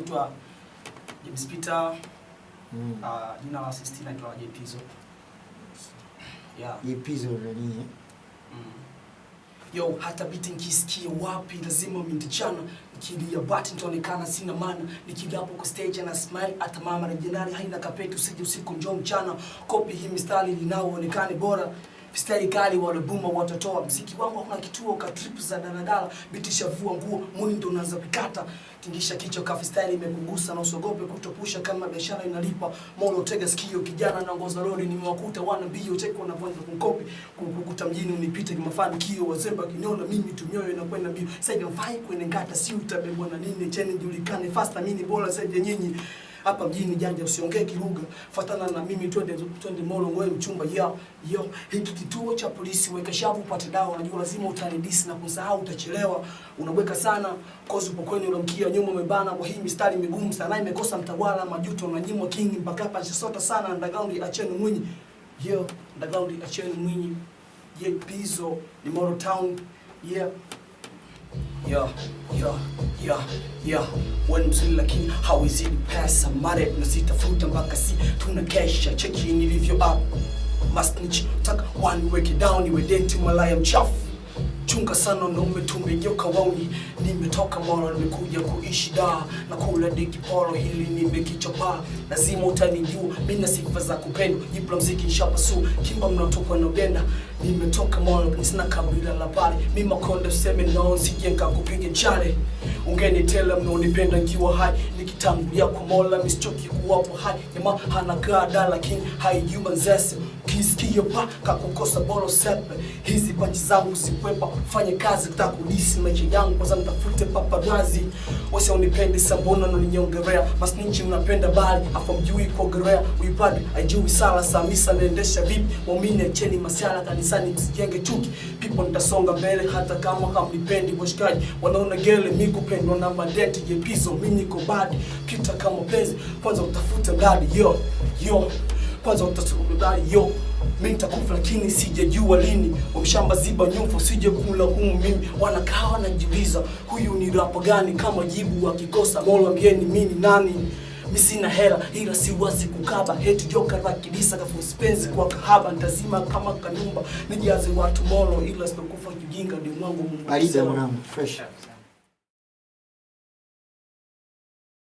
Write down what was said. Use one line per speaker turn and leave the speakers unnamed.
naitwa James Peter mm. Uh, jina la assist naitwa J yeah.
J nani? Mm.
Yo, hata biti nikisikia wapi lazima mindichana nikilia bati nitaonekana sina maana, nikilapo kwa stage ana smile, hata mama na jenari haina kapeti, usije usiku njoo mchana, kopi hii mistari linaoonekane bora Mistari kali walobuma watatoa mziki wangu hakuna kituo ka trip za daladala bitisha vua nguo mwili ndo unaanza kukata tingisha kichwa ka fistari imekugusa na usogope kutopusha kama biashara inalipa molo tega sikio kijana na ngoza lori nimewakuta wana mbio cheko na kwanza kunkopi kukukuta mjini unipite kwa mafanikio wazemba kinyola mimi tumyoyo na kwenda mbio sasa mfai kwenye ngata si utabebwa na nini cheni julikane faster mimi bora zaidi nyinyi hapa mjini janja, usiongee Kiruga, fuatana na mimi, twende twende wewe mchumba yo yo, hiki kituo cha polisi, weka shavu, upate dawa. Unajua lazima utanidisi na kusahau, utachelewa, unabweka sana cause upo kwenye unamkia nyuma, umebana kwa hii mistari migumu sana, imekosa mtawala, majuto na nyimo king mpaka hapa sisota sana, underground acheni mwinyi, yo underground acheni mwinyi, ye pizo ni Moro Town yeah ya ya yo, yo. Wewe mzuri lakini hauizidi pesa mare tunazitafuta mpaka si tuna kesha cheki nilivyo up must nitaka one weke down iwe date malaya mchafu Chunga sana wanaume, tumenyoka wawi, Nimetoka Mara, nimekuja kuishi da na kula deki poro, hili nimekichapa, lazima utanijua. Mimi na sifa za kupendwa, jipu la mziki nishapasu, kimba mnatokwa na ugenda. Nimetoka Mara, sina kabila la pale, mimi makonde useme nao, sije nikakupige chale. Ungenitela mnaonipenda nkiwa hai, nikitangulia kwa Mola misichoki kuwapo hai. Jamaa hana gada lakini haijuma zese kisikio paka kukosa bolo sepe hizi panchi zangu sikwepa fanye kazi kutaka kudisi maisha yangu kwanza nitafute paparazi wasi unipende sabona unaninyongerea masninchi unapenda bali afa mjui kuogerea uipadi ajui sala samisa naendesha vipi waumini acheni masiala kanisani msijenge chuki pipo nitasonga mbele hata kama hamnipendi washikaji wanaona gele mikupendwa na madeti jepizo mi niko badi pita kama pezi kwanza utafute mradi yo yo kwanza yo mimi nitakufa, lakini sijajua lini. Wamshamba ziba nyumfa, sije kulaumu mimi. Wanakaa wanajiuliza huyu ni rapa gani? Kama jibu wakikosa Mola ambieni mimi nani? Mimi sina hela ila siwazi kukaba heti joka kafu spenzi kwa kahaba ntazima kama kanumba nijaze watu molo ila sitokufa kijinga ndio mwangu
Barida mwanangu fresh